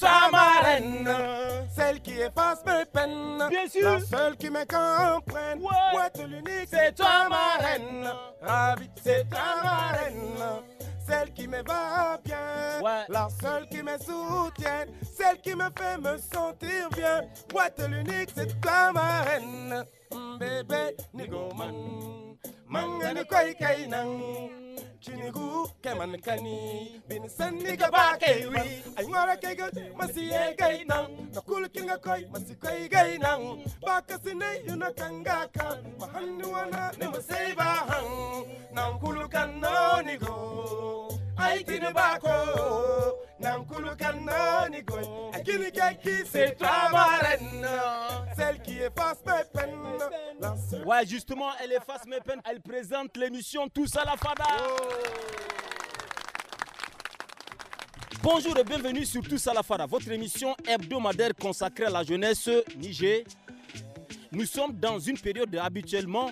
Ta ma reine, celle qui efface mes peines, la seule qui me comprenne. Ouais, l'unique, c'est toi ma reine, ravie, c'est ta reine. Celle qui me va bien, la seule qui me soutient, celle qui me fait me sentir bien. boîte l'unique, c'est toi ma reine, bébé Nigoman. mangani koi kai nang chinigu ke man kani bin ni ga ba kai wi ai ngora kai ga masi e kai nang na kul kin ga koi masi koi kai nang ba ka sine yuna kanga ka mahanni wana ne masai ba hang nang kul kan no ni go ai tin ba ko c'est celle qui efface mes peines. Ouais, justement, elle efface mes peines, elle présente l'émission Tous à la Fada. Oh. Bonjour et bienvenue sur Tous à la Fada, votre émission hebdomadaire consacrée à la jeunesse Niger. Nous sommes dans une période habituellement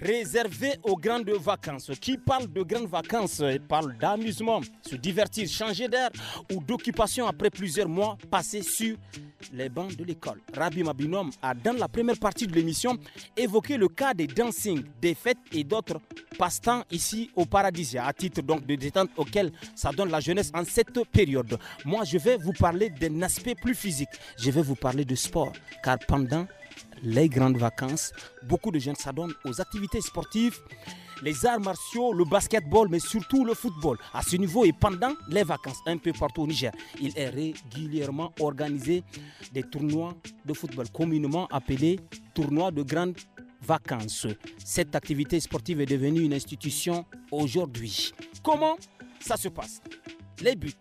réservé aux grandes vacances. Qui parle de grandes vacances Et parle d'amusement, se divertir, changer d'air ou d'occupation après plusieurs mois passés sur les bancs de l'école. Rabbi Mabinom a, dans la première partie de l'émission, évoqué le cas des dancing, des fêtes et d'autres passe-temps ici au paradis à titre donc de détente auquel ça donne la jeunesse en cette période. Moi, je vais vous parler d'un aspect plus physique. Je vais vous parler de sport, car pendant les grandes vacances. Beaucoup de jeunes s'adonnent aux activités sportives, les arts martiaux, le basketball, mais surtout le football. À ce niveau et pendant les vacances, un peu partout au Niger, il est régulièrement organisé des tournois de football, communément appelés tournois de grandes vacances. Cette activité sportive est devenue une institution aujourd'hui. Comment ça se passe les buts,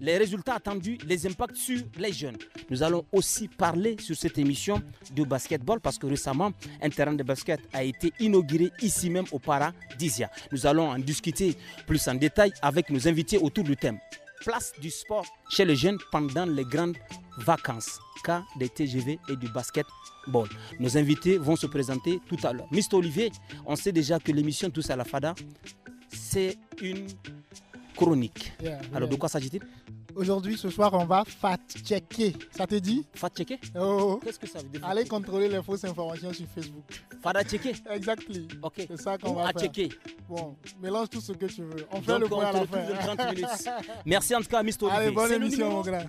les résultats attendus, les impacts sur les jeunes. Nous allons aussi parler sur cette émission de basketball parce que récemment, un terrain de basket a été inauguré ici même au Paradisia. Nous allons en discuter plus en détail avec nos invités autour du thème place du sport chez les jeunes pendant les grandes vacances, cas des TGV et du basketball. Nos invités vont se présenter tout à l'heure. Mr Olivier, on sait déjà que l'émission Tous à la Fada, c'est une chronique. Alors, de quoi s'agit-il Aujourd'hui, ce soir, on va fat checker Ça te dit fat checker oh, oh. Qu'est-ce que ça veut dire Allez contrôler les fausses informations sur Facebook. fat checker Exactly. Ok. C'est ça qu'on va faire. checker. Bon, mélange tout ce que tu veux. On fait le point à la fin. Merci en tout cas, Mister Allez, bonne émission, mon grand.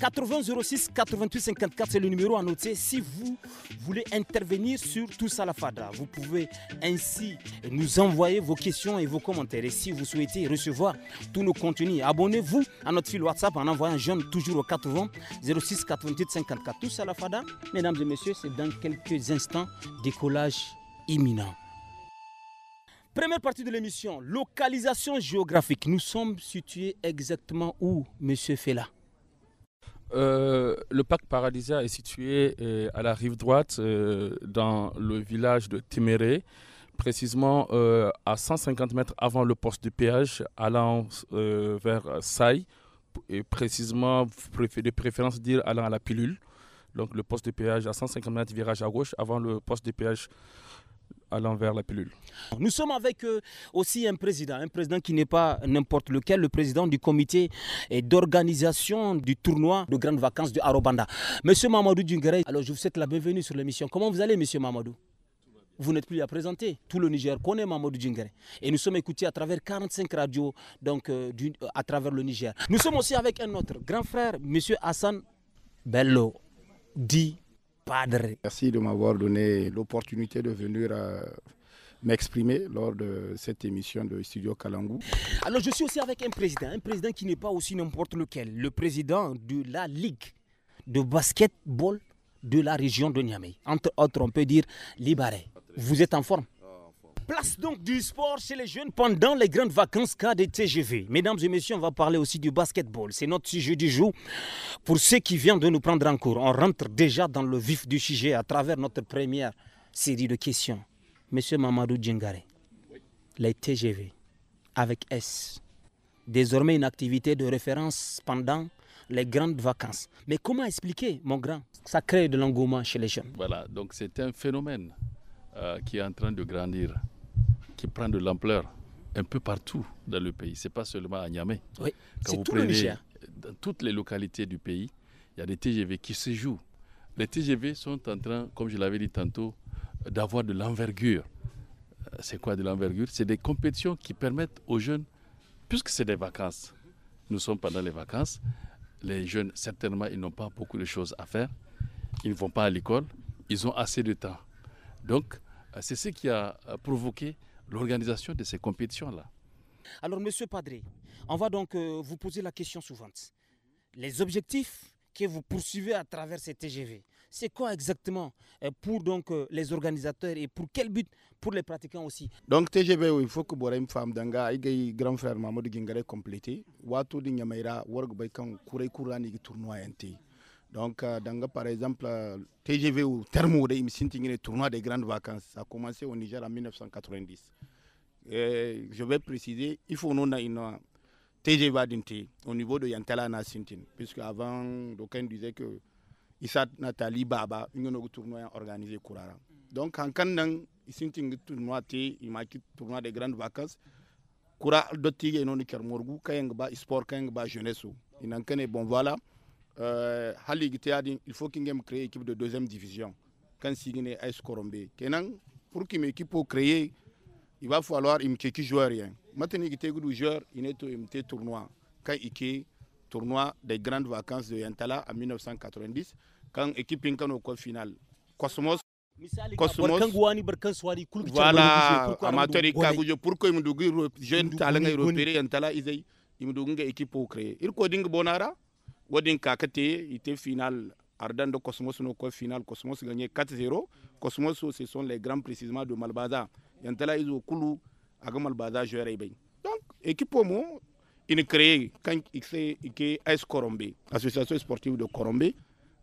80 06 88 54, c'est le numéro à noter. Si vous voulez intervenir sur tout la FADA, vous pouvez ainsi nous envoyer vos questions et vos commentaires. Et si vous souhaitez recevoir tous nos contenus, abonnez-vous à notre fil WhatsApp en envoyant jeune toujours au 80 06 88 54. Tout ça, la FADA, mesdames et messieurs, c'est dans quelques instants décollage imminent. Première partie de l'émission, localisation géographique. Nous sommes situés exactement où, monsieur Fela euh, le parc Paradisia est situé euh, à la rive droite, euh, dans le village de Timéré, précisément à 150 mètres avant le poste de péage allant vers Saï, et précisément, de préférence dire allant à la pilule. Donc le poste de péage à 150 mètres, virage à gauche, avant le poste de péage à l'envers la pilule. Nous sommes avec euh, aussi un président, un président qui n'est pas n'importe lequel, le président du comité eh, d'organisation du tournoi de grandes vacances de Arobanda. Monsieur Mamadou Djungere, alors je vous souhaite la bienvenue sur l'émission. Comment vous allez, monsieur Mamadou vous n'êtes plus à présenter. Tout le Niger connaît Mamadou Djingere. Et nous sommes écoutés à travers 45 radios donc, euh, à travers le Niger. Nous sommes aussi avec un autre grand frère, monsieur Hassan Bello, dit Merci de m'avoir donné l'opportunité de venir euh, m'exprimer lors de cette émission de Studio Kalangou. Alors je suis aussi avec un président, un président qui n'est pas aussi n'importe lequel, le président de la Ligue de basketball de la région de Niamey. Entre autres, on peut dire Libaré. Vous êtes en forme Place donc du sport chez les jeunes pendant les grandes vacances cas des TGV. Mesdames et messieurs, on va parler aussi du basketball. C'est notre sujet du jour. Pour ceux qui viennent de nous prendre en cours, on rentre déjà dans le vif du sujet à travers notre première série de questions. Monsieur Mamadou Djingare, les TGV avec S, désormais une activité de référence pendant les grandes vacances. Mais comment expliquer, mon grand Ça crée de l'engouement chez les jeunes. Voilà, donc c'est un phénomène euh, qui est en train de grandir qui prend de l'ampleur un peu partout dans le pays. C'est pas seulement à Niamey. Oui, c'est tout dans toutes les localités du pays, il y a des TGV qui se jouent. Les TGV sont en train, comme je l'avais dit tantôt, d'avoir de l'envergure. Euh, c'est quoi de l'envergure C'est des compétitions qui permettent aux jeunes, puisque c'est des vacances, nous sommes pendant les vacances, les jeunes, certainement, ils n'ont pas beaucoup de choses à faire, ils ne vont pas à l'école, ils ont assez de temps. Donc, euh, c'est ce qui a euh, provoqué l'organisation de ces compétitions-là. Alors, Monsieur Padré, on va donc euh, vous poser la question suivante. Les objectifs que vous poursuivez à travers ces TGV, c'est quoi exactement euh, pour donc euh, les organisateurs et pour quel but pour les pratiquants aussi donc TGV il faut que Borem fam danga ay grand frère Mamadou Gingare compléter watu di nyamaira warg bay kan tournoi donc, euh, dans, par exemple, euh, TGV ou Thermo, le tournoi des grandes vacances, ça a commencé au Niger en 1990. Et je vais préciser, il faut nous une TGV d'Inté au niveau de Yantala na puisque avant, d'aucuns disait que Issa Nathalie Baba, une autre tournoi organisé Kourara. Donc, en Kandan, un tournoi, il m'a tournoi des grandes vacances. Koura, d'autres, il y a un sport, il y a jeunesse. Il y a un bon voilà. Euh, il faut qu'il une équipe de deuxième division quand signé AS Korombe pour qu'une équipe créer il va falloir im teki joueur rien hein. maintenant il y joueur il est tournoi quand tournoi des grandes vacances de Yantala en 1990 quand équipe au final Cosmos Cosmos, voilà pour que équipe pour créer il bonara wadin kakate était final ardent de Cosmos no ko final Cosmos gagné 4-0 Cosmos ce sont les grands précisément de Malbaza yantala izo kulu aga Malbaza joueur ay donc équipe mo in créé quand xé ike AS Corombe association sportive de Corombe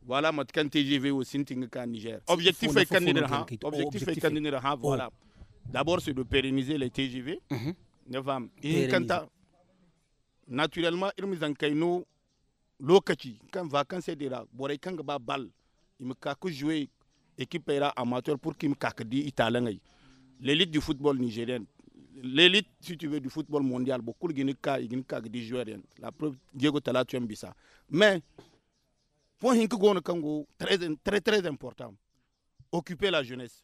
voilà mat kan TGV au Sinting ka Niger objectif est candidat objectif est candidat oh. voilà d'abord c'est de pérenniser les TGV ne femme et naturellement irmizan kayno lokaci kan vacances dira borai kan gaba bal im ka ku jouer équipe era amateur pour kim ka di italien ngai l'élite du football nigérien l'élite si tu veux du football mondial beaucoup de ka igin ka di jouer la preuve Diego Tala tu ça mais point ko gon kango très très très important occuper la jeunesse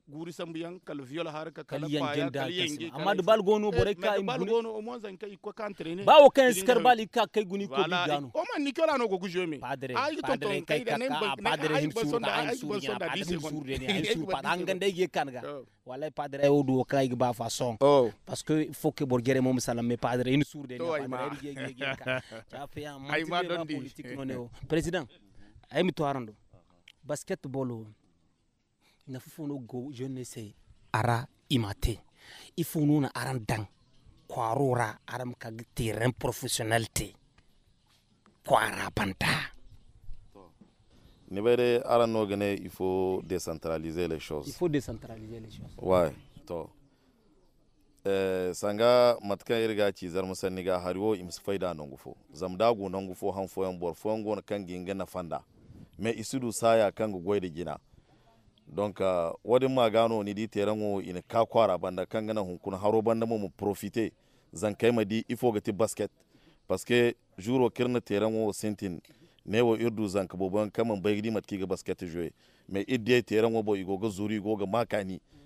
guri sambiyan kal viol har ka kal paya kal yengi amma du bal gono eh, bore ka im bal gono o monza kai ko kan trene ba o kan skar bali ka kai guni ko bi gano o man nikola no go gujo me padre ay to ton kai da nem padre him sur da ay sur ya padre him sur de ay sur pa angan de ye kan ga wallahi padre o du kai ba fa son parce que il faut que borgere mom salam me padre in sur de padre ye ye ka ta fe am ay ma don di politique no ne o president ay mi to harando basketball nafufuno go je ne sei ara imate ifununa aran dang kwarora aram kag terrain professionnel te kwara panta ne bere ara no gene il faut décentraliser les choses il faut décentraliser les choses ouais to eh, sanga matka irga ci zar musanni ga hariwo im faida non gufo zamda go non gufo han foyan bor foyan go kan ginga na fanda me isudu saya kan go goyde gina donc uh, wadin ma gano ni di terango ina ka kwara banda kan gana hun kun haro banda mu profiter zan kai ma di ifo ti basket parce que juro kirna terango sentin ne wo irdu zan ka boban kaman bai di matki ga basket jouer mais idde terango bo igoga zuri goga makani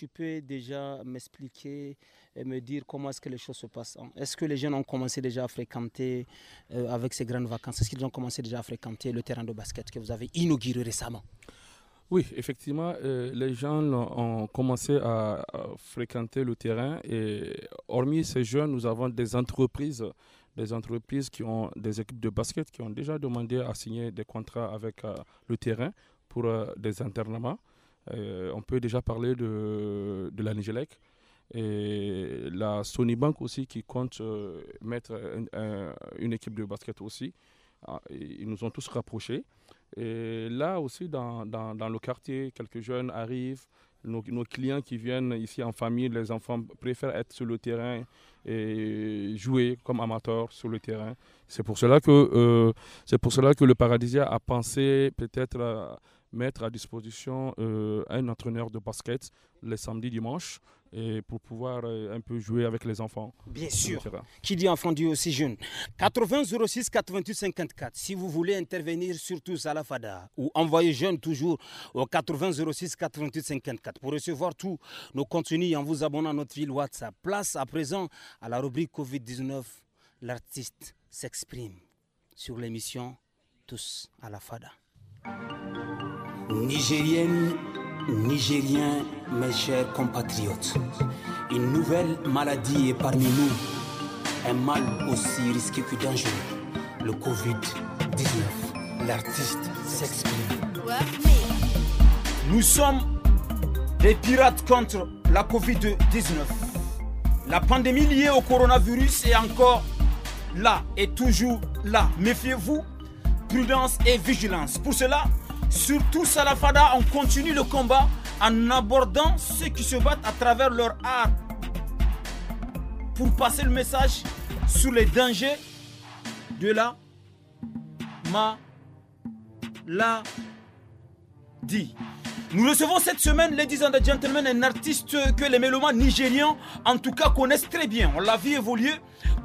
tu peux déjà m'expliquer et me dire comment est-ce que les choses se passent Est-ce que les jeunes ont commencé déjà à fréquenter, euh, avec ces grandes vacances, est-ce qu'ils ont commencé déjà à fréquenter le terrain de basket que vous avez inauguré récemment oui, effectivement, euh, les gens ont commencé à, fréquenter le terrain et hormis ces jeunes, nous avons des entreprises, des entreprises qui ont des équipes de basket qui ont déjà demandé à signer des contrats avec euh, le terrain pour des internements. Euh, on peut déjà parler de, de la Nigelec et la Sony Bank aussi qui compte euh, mettre une équipe de basket aussi. Ah, ils nous ont tous rapprochés. Et là aussi, dans, le quartier, quelques jeunes arrivent. Nos, clients qui viennent ici en famille, les enfants préfèrent être sur le terrain et jouer comme amateurs sur le terrain. C'est pour cela que, euh, pour cela que le Paradisia a pensé peut-être mettre à disposition euh, un entraîneur de basket les samedis, dimanches, et pour pouvoir euh, un peu jouer avec les enfants. Bien sûr. Qui dit enfant dit aussi jeune. 80 06 88 54. Si vous voulez intervenir sur tous à la FADA ou envoyer jeune toujours au 80 06 88 54 pour recevoir tous nos contenus en vous abonnant à notre ville WhatsApp. Place à présent à la rubrique Covid-19. L'artiste s'exprime sur l'émission Tous à la FADA. Nigérienne, Nigérien, mes chers compatriotes, une nouvelle maladie est parmi nous, un mal aussi risqué que dangereux, le Covid-19. L'artiste s'exprime. Nous sommes des pirates contre la Covid-19. La pandémie liée au coronavirus est encore là et toujours là. Méfiez-vous, prudence et vigilance. Pour cela, Surtout Salafada, on continue le combat en abordant ceux qui se battent à travers leur art pour passer le message sur les dangers de la maladie. Nous recevons cette semaine, ladies and gentlemen, un artiste que les mélomanes nigériens en tout cas, connaissent très bien. On l'a vu évoluer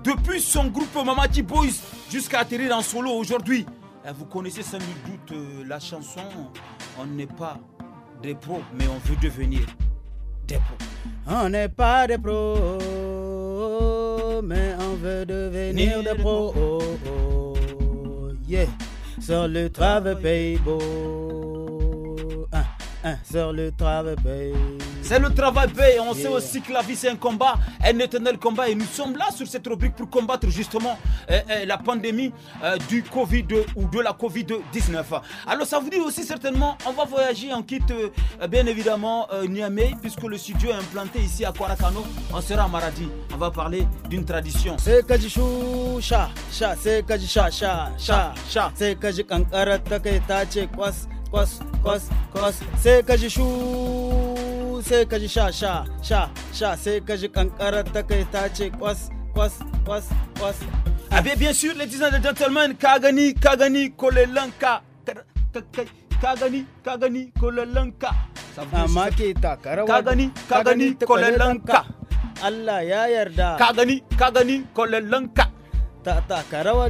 depuis son groupe Mamadi Boys jusqu'à atterrir en solo aujourd'hui. Eh, vous connaissez sans doute euh, la chanson hein? On n'est pas des pros, mais on veut devenir des pros. On n'est pas des pros, mais on veut devenir des pros. Oh, yeah. Sur le travail hein. beau. Hein, sur le travail C'est le travail On sait aussi que la vie c'est un combat, un éternel combat. Et nous sommes là sur cette rubrique pour combattre justement euh, euh, la pandémie euh, du Covid ou de la Covid-19. Alors ça vous dit aussi certainement, on va voyager en quitte bien évidemment Niamey puisque le studio est implanté ici à Kwarakano. On sera à Maradi. On va parler d'une tradition. C'est Kajichou, chat cha, c'est cha, cha, cha. C'est Kajikankara, kwas kwas sai ka ji shu sai ka ji sha sha sha sha sai ka ji kankarar ta kai ta ce kwas kwas kwas kwas a bien sûr les disants de gentlemen ka gani ka gani kolelanka ka gani ka gani kolelanka amma ke takarawa ka gani ka gani kolelanka Allah ya yarda ka gani ka gani kolelanka Tata ta,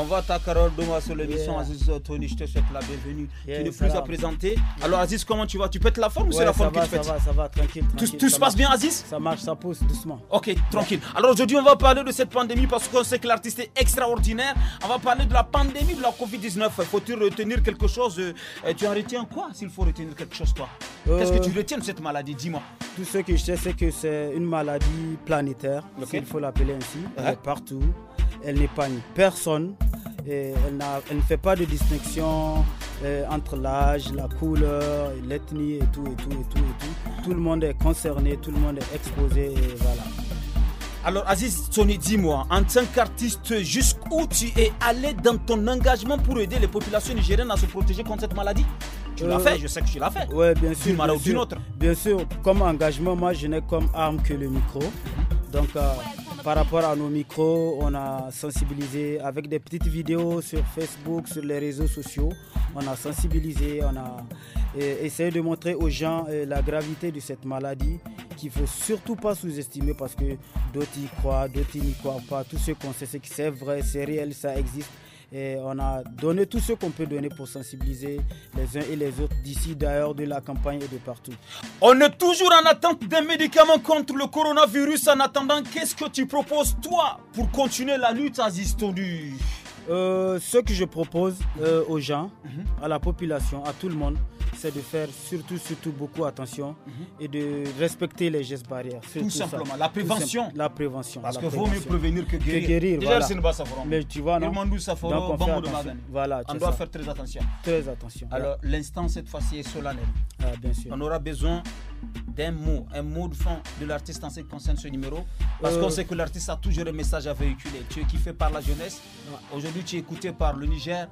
On va Tata Duma sur l'émission Aziz Tony, je te souhaite la bienvenue. tu n'es plus à présenter. Alors Aziz, comment tu vas Tu pètes la forme ou c'est la forme que tu pètes Ça va, ça va, tranquille. tranquille tout, se passe bien Aziz Ça marche, ça pousse doucement. Ok, tranquille. Alors aujourd'hui, on va parler de cette pandémie parce qu'on sait que l'artiste est extraordinaire. On va parler de la pandémie de la Covid-19. Faut-il retenir quelque chose euh, Tu en retiens quoi s'il faut retenir quelque chose toi Qu'est-ce que tu euh, retiens de cette maladie Dis-moi. Tout ce que je sais, c'est que c'est une maladie planétaire, okay. faut l'appeler ainsi. partout elle n'épargne personne. Et elle, elle, ne fait pas de distinction euh, entre l'âge, la couleur, l'ethnie et tout, et tout, et tout, et tout. Tout le monde est concerné, tout le monde est exposé, voilà. Alors Aziz Tony, dis-moi, en tant qu'artiste, jusqu'où tu es allé dans ton engagement pour aider les populations nigériennes à se protéger contre cette maladie Tu l'as euh, fait, je sais que tu l'as fait. Oui, bien sûr. D'une ou d'une autre. Bien sûr, comme engagement, moi je n'ai comme arme que le micro. Mhm. Donc... Euh, par rapport à nos micros, on a sensibilisé avec des petites vidéos sur Facebook, sur les réseaux sociaux. On a sensibilisé, on a essayé de montrer aux gens euh, la gravité de cette maladie qu'il ne faut surtout pas sous-estimer parce que d'autres y croient, d'autres n'y croient pas. Tout ce qu'on sait, c'est que c'est vrai, c'est réel, ça existe. Et on a donné tout ce qu'on peut donner pour sensibiliser les uns et les autres d'ici, d'ailleurs, de la campagne et de partout. On est toujours en attente d'un médicaments contre le coronavirus. En attendant, qu'est-ce que tu proposes, toi, pour continuer la lutte à Zistonu euh, Ce que je propose euh, aux gens, mhm. à la population, à tout le monde, c'est de faire surtout, surtout beaucoup attention mhm. et de respecter les gestes barrières. Tout simplement, la prévention. la prévention. Parce qu'il vaut mieux prévenir que guérir. Que guérir Mais tu vois, non on, de voilà, on doit faire très attention. Très attention. Alors, l'instant, cette fois-ci, est solennel. Ah, bien sûr. On aura besoin d'un mot, un mot de fond de l'artiste en ce qui concerne ce numéro. Parce qu'on euh, sait que l'artiste a toujours un message à véhiculer. Tu es kiffé par la jeunesse. Aujourd'hui, tu es écouté par le Niger,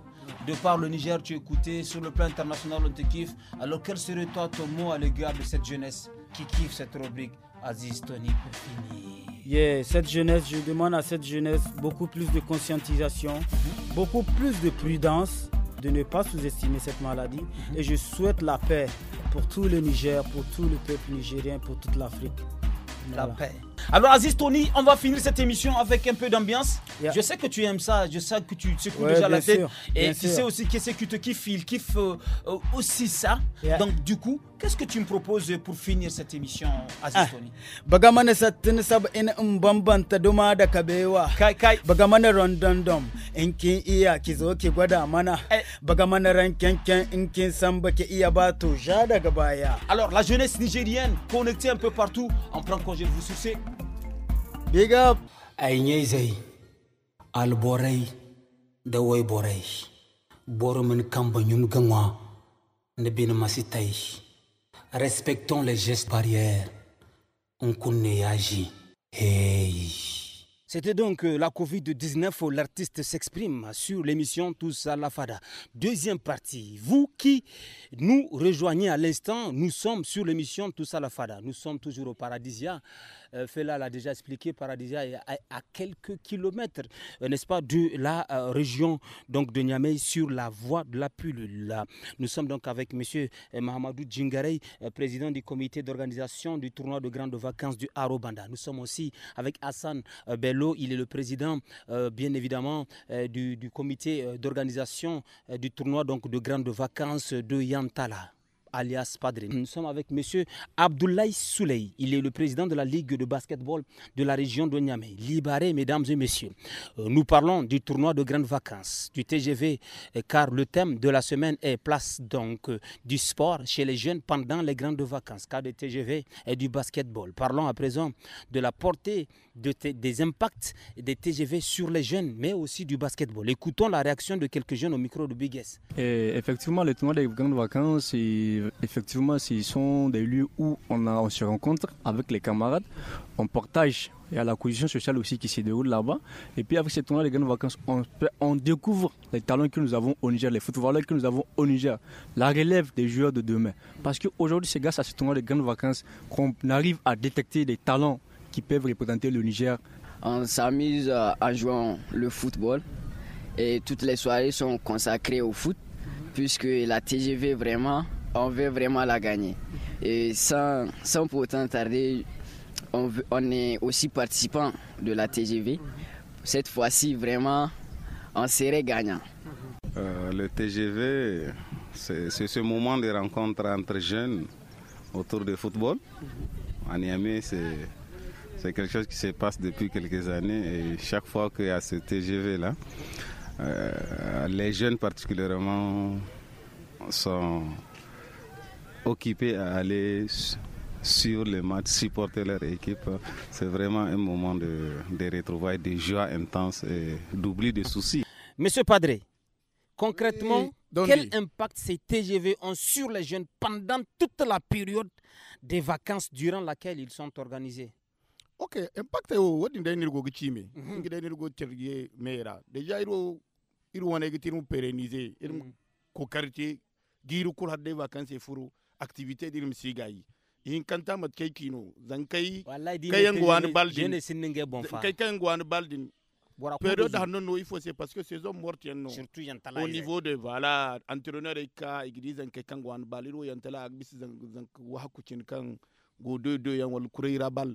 de par le Niger, tu es sur le plan international, on te kiffe. Alors quel serait toi ton mot à l'égard de cette jeunesse qui kiffe cette rubrique Aziz Tony pour finir Yeah, cette jeunesse, je demande à cette jeunesse beaucoup plus de conscientisation, mm-hmm. beaucoup plus de prudence, de ne pas sous-estimer cette maladie. Mm-hmm. Et je souhaite la paix pour tout le Niger, pour tout le peuple nigérien, pour toute l'Afrique. La paix. Alors Aziz Tony, on va finir cette émission avec un peu d'ambiance. Je sais que tu aimes ça, je sais que tu secoues déjà la tête. et tu sais aussi qu'est-ce que tu te kiffes, il kiffe euh, aussi ça. Donc du coup, qu'est-ce que tu me proposes pour finir cette émission, Aziz ah. Tony iya gwada mana. Eh. rankenken samba iya jada Alors la jeunesse nigérienne connectée un peu partout, on prend congé de vous soucier Big up. Respectons les gestes barrières. C'était donc euh, la Covid-19 où euh, l'artiste s'exprime sur l'émission Tous à la Fada. Deuxième partie, vous qui nous rejoignez à l'instant, nous sommes sur l'émission Tous à la Fada. Nous sommes toujours au Paradisia euh, Fela l'a déjà expliqué, Paradisia est à, quelques kilomètres, euh, n'est-ce pas, de la euh, région donc de Niamey sur la voie de la Pulle. Nous sommes donc avec M. Mahamadou Djingarey, président du comité d'organisation du tournoi de grandes vacances du Arobanda. Nous sommes aussi avec Hassan Bello, il est le président, bien évidemment, du, du, comité d'organisation du tournoi donc de grandes vacances de Yantala alias Padre. Nous sommes avec monsieur Abdoulaye Souley. Il est le président de la Ligue de basketball de la région de Niamey. Libaré, mesdames et messieurs. Euh, nous parlons du tournoi de grandes vacances, du TGV, euh, car le thème de la semaine est place donc euh, du sport chez les jeunes pendant les grandes vacances, car le TGV et du basketball. Parlons à présent de la portée des impacts des TGV sur les jeunes, mais aussi du basketball. Écoutons la réaction de quelques jeunes au micro de Big effectivement, le tournoi des grandes vacances, il effectivement, ce sont des lieux où on, se rencontre avec les camarades, on partage. et à la cohésion sociale aussi qui se déroule là-bas. Et puis avec ce tournoi des grandes vacances, on, on, découvre les talents que nous avons au Niger, les footballeurs que nous avons au Niger, la relève des joueurs de demain. Parce qu'aujourd'hui, c'est grâce à ce tournoi des grandes vacances qu'on arrive à détecter des talents qui peuvent représenter le Niger. On s'amuse en jouant le football et toutes les soirées sont consacrées au foot puisque la TGV vraiment on veut vraiment la gagner. Et sans, sans pour tarder, on, on est aussi participant de la TGV. Cette fois-ci, vraiment, on serait gagnant. Euh, le TGV, c'est ce moment de rencontre entre jeunes autour du football. En Niamey, c'est quelque chose qui se passe depuis quelques années et chaque fois qu'il y a ce TGV-là, euh, les jeunes particulièrement sont occupés à aller sur les matchs, supporter leur équipe. C'est vraiment un moment de, retrouvailles, de joie intense et d'oubli des soucis. Monsieur Padré, concrètement, quel impact ces TGV ont sur les jeunes pendant toute la période des vacances durant laquelle ils sont organisés ok impact o wadin mhm. mhm. vacances activité dirim sigayi in kanta mat kai kino zan kai kayan gwani baldin jene sinnin ga bonfa kai kayan gwani baldin pedo da hannu no ifo c'est parce que saison morte yan no surtout yan tala au niveau de voilà entraîneur e ka igidi e zan kai kan gwani baliro yan tala zan zan wa kan do yan wal bal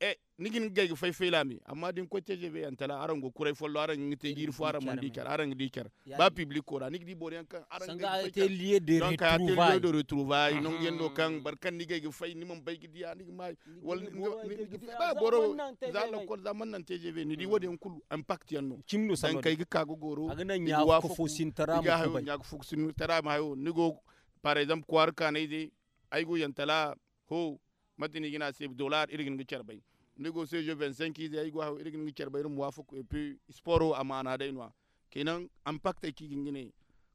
e nigin gay fay felami amma din ko tgv antala aran go kuray follo aran ngite yir fo aran mandi kar aran di kar ba public ko ran di borian kan aran ga te lié de retrouvailles donc lié de retrouvailles non yendo kan barkan ni gay fay ni mum bay gidi ani ma wal ba boro zalla ko zaman nan tgv ni di wode kul impact yanno cimno san kay ga go goro agana nya ko fo sin tara ko bay nya ko fo sin tara ma ni go par exemple ko ar de ay go yantala ho matini gina c'est dollar irigin ngi charbay nego c'est je 25 ki zai go irigin irgin ngi charbay rum wafuk et puis sporo amana dai no kenan impact ki gine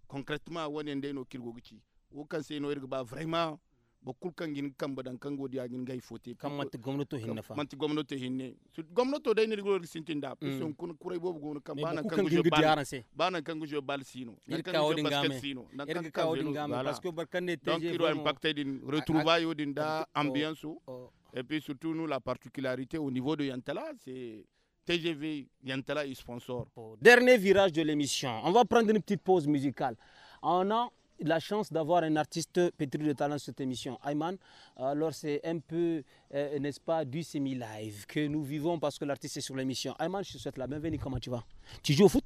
concrètement wonen dai no kirgo ci wo kan sai no irga ba vraiment bokul kan gin kan badan kan godi agin gai foti kan gomno to hinne fa manti gwamnato hinne gwamnato dai ne rigolor sintin da mm. sun kun kurai bobu gwamna kan bana kan gujo bal bana kan gujo bal sino na kan gujo basket sino na kan kan parce que barkane teje donc il doit impacter din ah, retrouvaille ah. din da oh, oh. ambiance oh. et puis surtout nous la particularité au niveau de Yantala c'est TGV Yantala est sponsor dernier virage de l'émission on va prendre une petite pause musicale en an la chance d'avoir un artiste pétri de talent sur cette émission, Ayman. Alors c'est un peu, euh, n'est-ce pas, du semi-live que nous vivons parce que l'artiste est sur l'émission. Ayman, je te souhaite la bienvenue, comment tu vas Tu joues au foot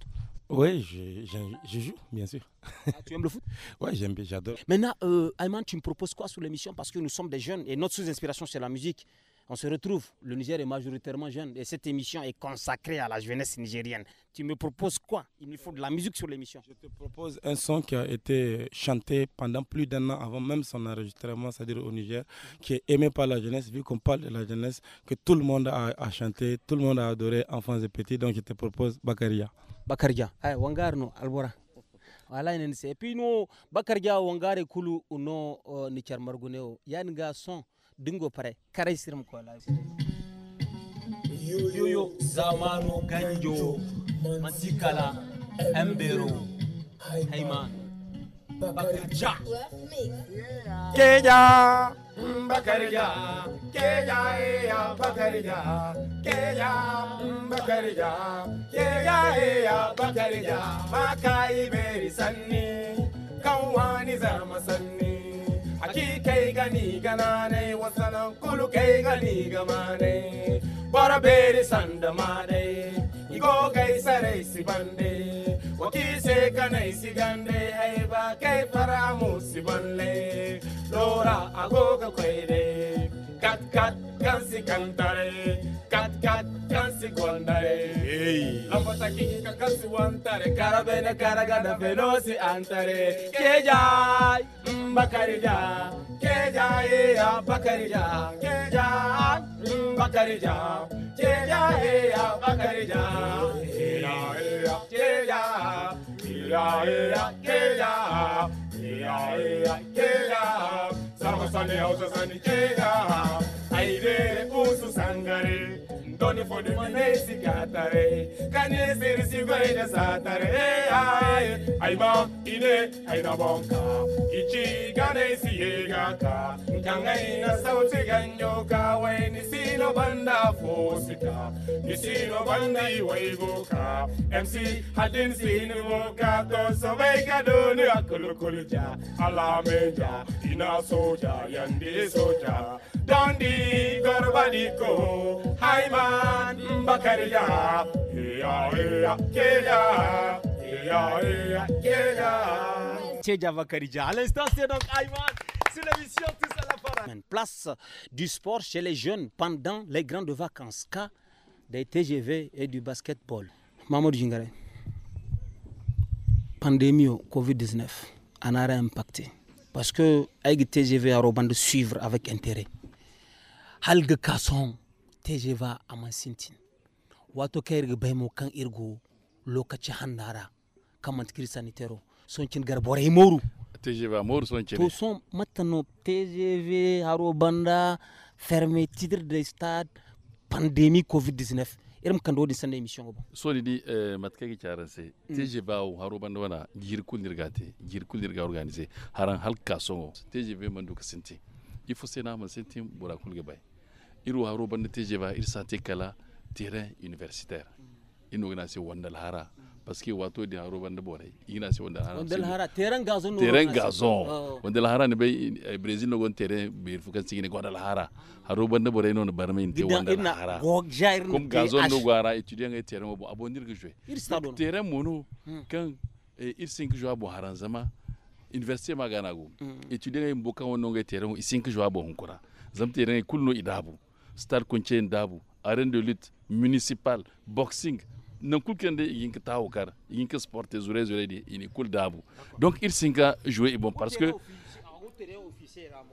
Oui, je, joue, bien sûr. Ah, tu aimes le foot Oui, j'aime, j'adore. Maintenant, euh, Ayman, tu me proposes quoi sur l'émission Parce que nous sommes des jeunes et notre sous-inspiration, c'est la musique. On se retrouve, le Niger est majoritairement jeune et cette émission est consacrée à la jeunesse nigérienne. Tu me proposes quoi Il nous faut de la musique sur l'émission. Je te propose un son qui a été chanté pendant plus d'un an avant même son enregistrement, c'est-à-dire au Niger, qui est aimé par la jeunesse, vu qu'on parle de la jeunesse, que tout le monde a, chanté, tout le monde a adoré, enfants et petits. Donc je te propose Bakaria. Bakaria. Eh, no, Albora. wala Et puis nous, Bakaria Bakaria et kulu uno uh, Margounéo. Il y ga son dingo pare kare sirim ko lafi yoyo zamano ganjo masikala embero hayman bakirja keja bakarja keja e ya bakarja keja bakarja keja e ya bakarja makai beri sanni kawani zarma sanni sarki kai gani gana ne wasanan kulu kai gani gama bara beri sanda ma ne igo kai sare si bande waki se kanai si gande ai ba kai fara mu si balle lora agoga kai ne kat kat kan si kantare kansi gondare lambata kikika kansi wantare karabene karagada venosi antare kejay mbakarija kejay bakarija kejay mbakarija kejay bakarija kejay keja, kejay keja. sama sani hausa sani kejay 아이들레 오수상가를 Doni for the money si katare Kanye siri si go ide satare Aye Aiba ine aina bonka Ichi gane si yega ka Nkanga ina sauti ganyoka Waini sino banda si Nisino banda iwaigoka MC hadin sini moka Toso weka doni akulukuluja Alameja ina soja Yandi soja Dandi garbadiko Haima À l'instant, c'est donc Ayman. C'est l'émission à la Place du sport chez les jeunes pendant les grandes vacances. Cas des TGV et du basketball. Mamadou Jingare. Pandémie Covid-19 en a impacté. Parce que avec TGV, a de suivre avec intérêt. Halg Casson. TGV aman sintin wato ka irga bai kan irgo lokaci hannara kamant mantikir sanitero son moru tejeva moru son to son matano TGV haro banda ferme titre de stade pandemie covid 19 irin kan dodi sanda emission go. so di eh, matka ki mm. haro banda wana girkul nirgate girkul nirga organise haran halka songo tejeve mandu kasinti ifo sena burakul iri waro banda teje ba iri sate kala terrain universitaire ino gina se wanda lahara parce que wato da haro banda bore ina se wanda lahara wanda lahara terrain gazon terrain gazon ah, ah. wanda lahara ne bay brésil no gon terrain bai fukan sigi ne gwada lahara haro banda bore no barme inte wanda lahara kom gazon no gwara étudiant e terrain bo abondir que jouer terrain mono kan hmm. eh, ir sink joa bo haranzama université maganago hmm. étudiant e mboka wono ngai terrain isinki joa bo hunkura zam terrain kulno idabu star ndabu dabu arène de lutte municipal boxing nan kulkende yinka tawo kar yinka sport zure zure de ini dabu donc il singa jouer bon parce que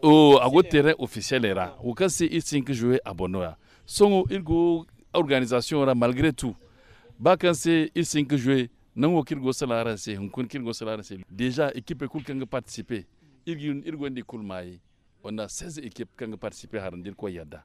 oh ago hein. terrain officiel era o ah. il singa jouer abonoya songo il go organisation era malgré tout ba kanse il singa jouer nan wo kirgo salara se hunkun kirgo salara se déjà équipe e kulkanga participer il il go ndi on a 16 équipes qui participer participé à Koyada.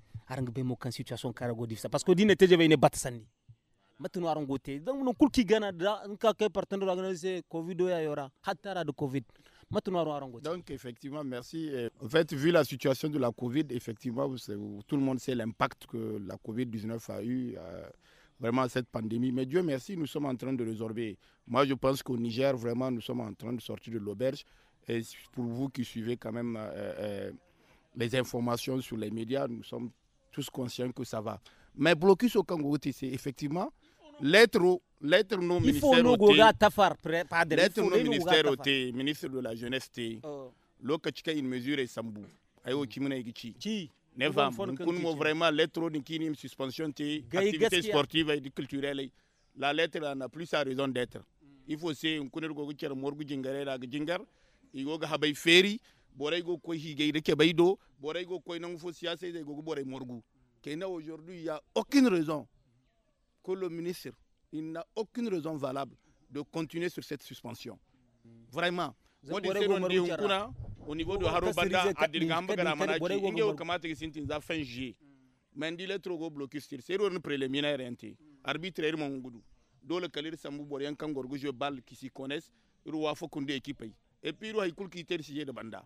situation parce que donc effectivement, merci. Eh, en fait, vu la situation de la Covid, effectivement, tout le monde sait l'impact que la Covid-19 a eu euh, vraiment cette pandémie. Mais Dieu merci, nous sommes en train de résorber. Moi, je pense qu'au Niger, vraiment, nous sommes en train de sortir de l'auberge. Et pour vous qui suivez quand même euh, euh, les informations sur les médias, nous sommes tous conscients que ça va. Mais blocus au Kangourou, c'est effectivement l'être l'être non ministère l'être non ministère te ministre de la jeunesse te oh. lokacika une mesure et sambou ayo kimuna mm. igici e ne va nous mo vraiment l'être ni kini suspension te activité sportive et culturelle la lettre n'a plus sa raison d'être mm. il faut c'est un kunir gogo cer morgu jingare la jingar goga habay feri boray go koy higey de kebaydo boray go koy nangu fo siyase de go boray morgu kena aujourd'hui il y a aucune raison que le ministre il n'a aucune raison valable de continuer sur cette suspension vraiment wodi seɗon ndihunkuna au niveau de haro banda adirga hambagara manaji inge o kamata ki sintinza fin juillet mm. mais ndi lettre go blocus tir seɗo ren préliminaire enti mm. arbitre ir mongudu dole kalir sambu bor yan kan gorgo jeu balle qui s'y connaissent iru wa fokunde équipe et puis iru hay kulki ter sije de banda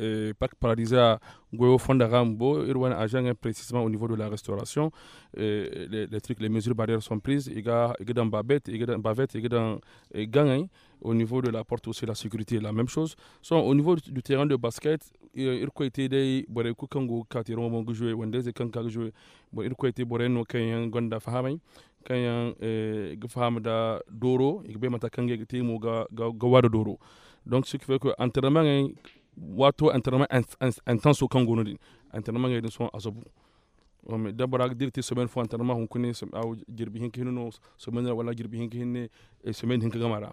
euh, Parc il y a un agent précisément au niveau de la restauration. les, les, trucs, les mesures barrières sont prises. Il y a dans Babette, il y a dans Bavette, il y a dans Au niveau de la porte aussi, la sécurité la même chose. au niveau du, terrain de basket, il y a des gens qui ont joué, des gens qui ont joué, il y a des gens qui ont joué, kayan faham da doro igbe mata kange te mo ga ga de doro donc ce qui fait que entraînement hein, wato an tan kan gono din an tan manga din so azabu mais dabara dirti semaine fo an tan ma hun kuni aw jirbi hin kinu no semaine wala jirbi hin kinu eh, semaine hin gamara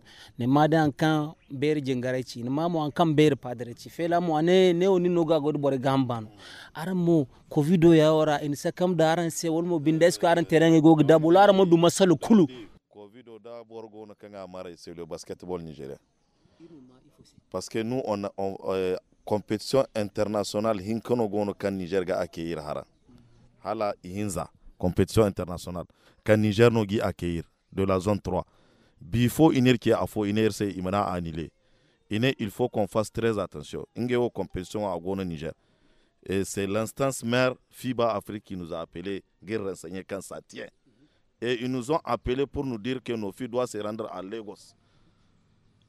ne mada an kan ber ci ne ma mamo an kan ber ci fela mo ane ne oni no ga god bore gambano aran mo covid ya ora in sakam da aran se wol mo bindes ko aran terenge go da bulara mo du masal kulu covid da borgo na kan amare c'est le basketball nigérien parce que nous on, on euh, compétition internationale hin hinkano gono kan niger ga accueillir hara hala hinza compétition internationale kan niger no gi accueillir de la zone 3 il faut une il faut qu'on fasse très attention. Une compétition à Niger. c'est l'instance mère FIBA Afrique qui nous a appelés, guerre quand ça tient. Et ils nous ont appelé pour nous dire que nos filles doivent se rendre à Lagos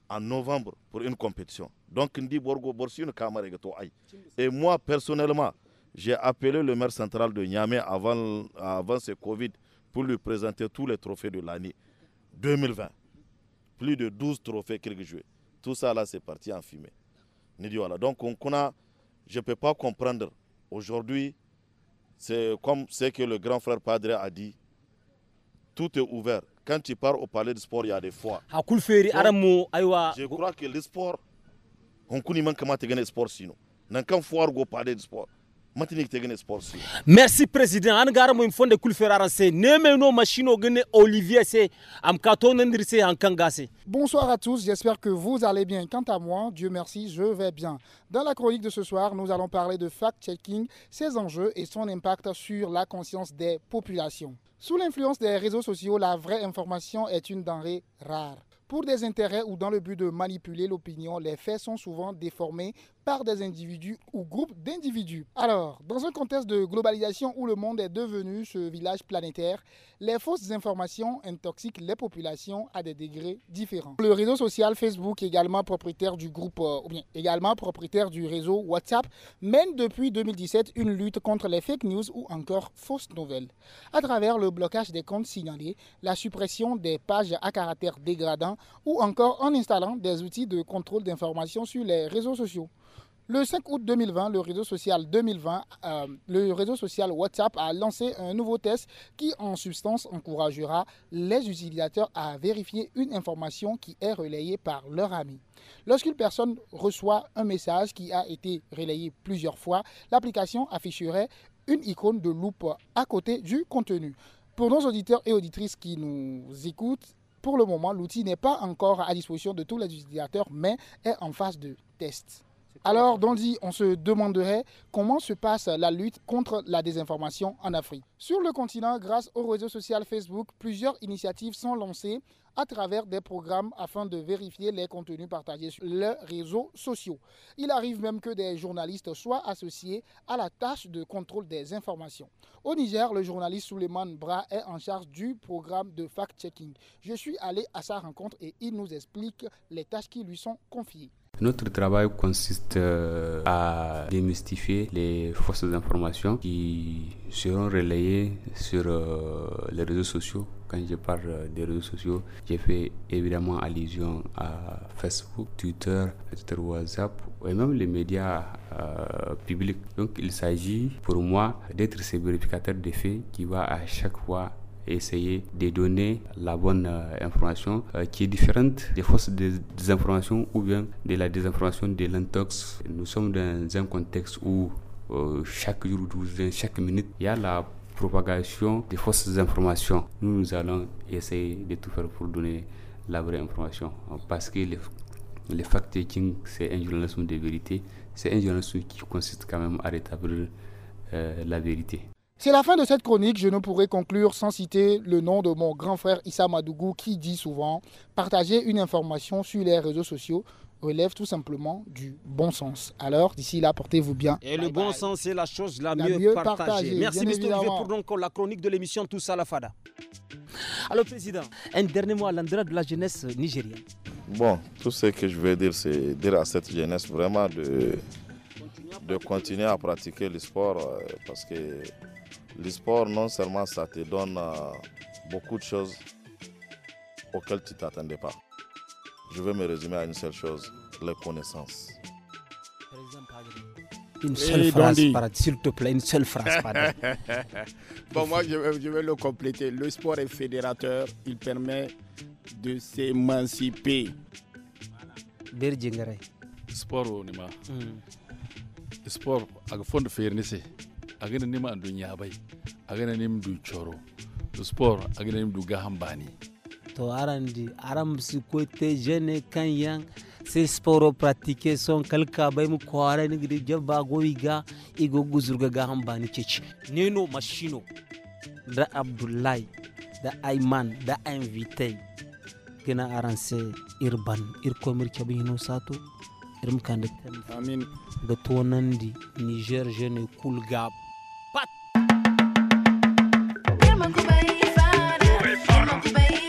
en novembre pour une compétition. Donc, Ndi Borgo Borsi, une camarade Et moi, personnellement, j'ai appelé le maire central de Niamey avant, avant ce Covid pour lui présenter tous les trophées de l'année 2020 plus de 12 trophées joués. Tout ça là, c'est parti en fumée. Donc, on, je ne peux pas comprendre. Aujourd'hui, c'est comme ce que le grand frère Padre a dit. Tout est ouvert. Quand tu pars au palais de sport, il y a des fois. je crois que le sport, on ne peut pas sport sinon. a quand foire au palais de sport merci président an machino olivier se amkaton se bonsoir à tous j'espère que vous allez bien quant à moi dieu merci je vais bien dans la chronique de ce soir nous allons parler de fact checking ses enjeux et son impact sur la conscience des populations sous l'influence des réseaux sociaux la vraie information est une denrée rare pour des intérêts ou dans le but de manipuler l'opinion, les faits sont souvent déformés par des individus ou groupes d'individus. Alors, dans un contexte de globalisation où le monde est devenu ce village planétaire, les fausses informations intoxiquent les populations à des degrés différents. Le réseau social Facebook, également propriétaire du groupe, euh, ou bien également propriétaire du réseau WhatsApp, mène depuis 2017 une lutte contre les fake news ou encore fausses nouvelles. À travers le blocage des comptes signalés, la suppression des pages à caractère dégradant ou encore en installant des outils de contrôle d'informations sur les réseaux sociaux. Le 5 août 2020, euh, le réseau social WhatsApp a lancé un nouveau test qui, en substance, encouragera les utilisateurs à vérifier une information qui est relayée par leur ami. Lorsqu'une personne reçoit un message qui a été relayé plusieurs fois, l'application afficherait une icône de loupe à côté du contenu. Pour nos auditeurs et auditrices qui nous écoutent, pour le moment, l'outil n'est pas encore à disposition de tous les utilisateurs, mais est en phase de test. Alors, Dondi, on se demanderait comment se passe la lutte contre la désinformation en Afrique. Sur le continent, grâce au réseau social Facebook, plusieurs initiatives sont lancées à travers des programmes afin de vérifier les contenus partagés sur les réseaux sociaux. Il arrive même que des journalistes soient associés à la tâche de contrôle des informations. Au Niger, le journaliste Souleymane Bra est en charge du programme de fact-checking. Je suis allé à sa rencontre et il nous explique les tâches qui lui sont confiées. Notre travail consiste euh, à démystifier les fausses informations qui seront relayées sur euh, les réseaux sociaux. Quand je parle euh, des réseaux sociaux, j'ai fait évidemment allusion à Facebook, Twitter, WhatsApp et même les médias publics. Donc il s'agit pour moi d'être ce vérificateur des faits qui va à chaque fois essayer de donner la bonne euh, information euh, qui est différente des fausses désinformations ou bien de la désinformation de l'intox. Nous sommes dans un contexte où euh, chaque jour, chaque minute, il y a la propagation des fausses informations. Nous, nous allons essayer de tout faire pour donner la vraie information. Parce que le, fact-checking, c'est un journalisme de vérité. C'est un journalisme qui consiste quand même à rétablir la vérité. C'est la fin de cette chronique. Je ne pourrais conclure sans citer le nom de mon grand frère Issa Madougou qui dit souvent partager une information sur les réseaux sociaux relève tout simplement du bon sens. Alors, d'ici là, portez-vous bien. Et le bon sens, c'est la chose la, mieux, partagée. partagée. Merci, Mr. pour donc la chronique de l'émission tout à la Fada. Alors, Président, un dernier mot à l'endroit de la jeunesse nigérienne. Bon, tout ce que je veux dire, c'est dire à cette jeunesse vraiment de, de continuer à pratiquer le sport euh, parce que le sport, non seulement ça te donne euh, beaucoup de choses auxquelles tu ne t'attendais pas. Je vais me résumer à une seule chose, les connaissances. Une eh, seule phrase, s'il te plaît, une seule phrase. bon, moi, je vais, le compléter. Le sport est fédérateur, il permet de s'émanciper. Voilà. Sport, on est hmm. Sport, à fond de faire agana nima duniya bai a agana nim du coro du sport agana nim du gahan bani. to arandi aram si ko te jene kan yang se sporo pratike son kalka bai mu kwara ni gidi jabba goiga igo guzurga bani ceci neno mashino da abdullahi da aiman da invite gina se irban irkomir kebin hino sato irmkan da amin ga tonandi niger jene kulgab Mambo Baifa, Mambo Bay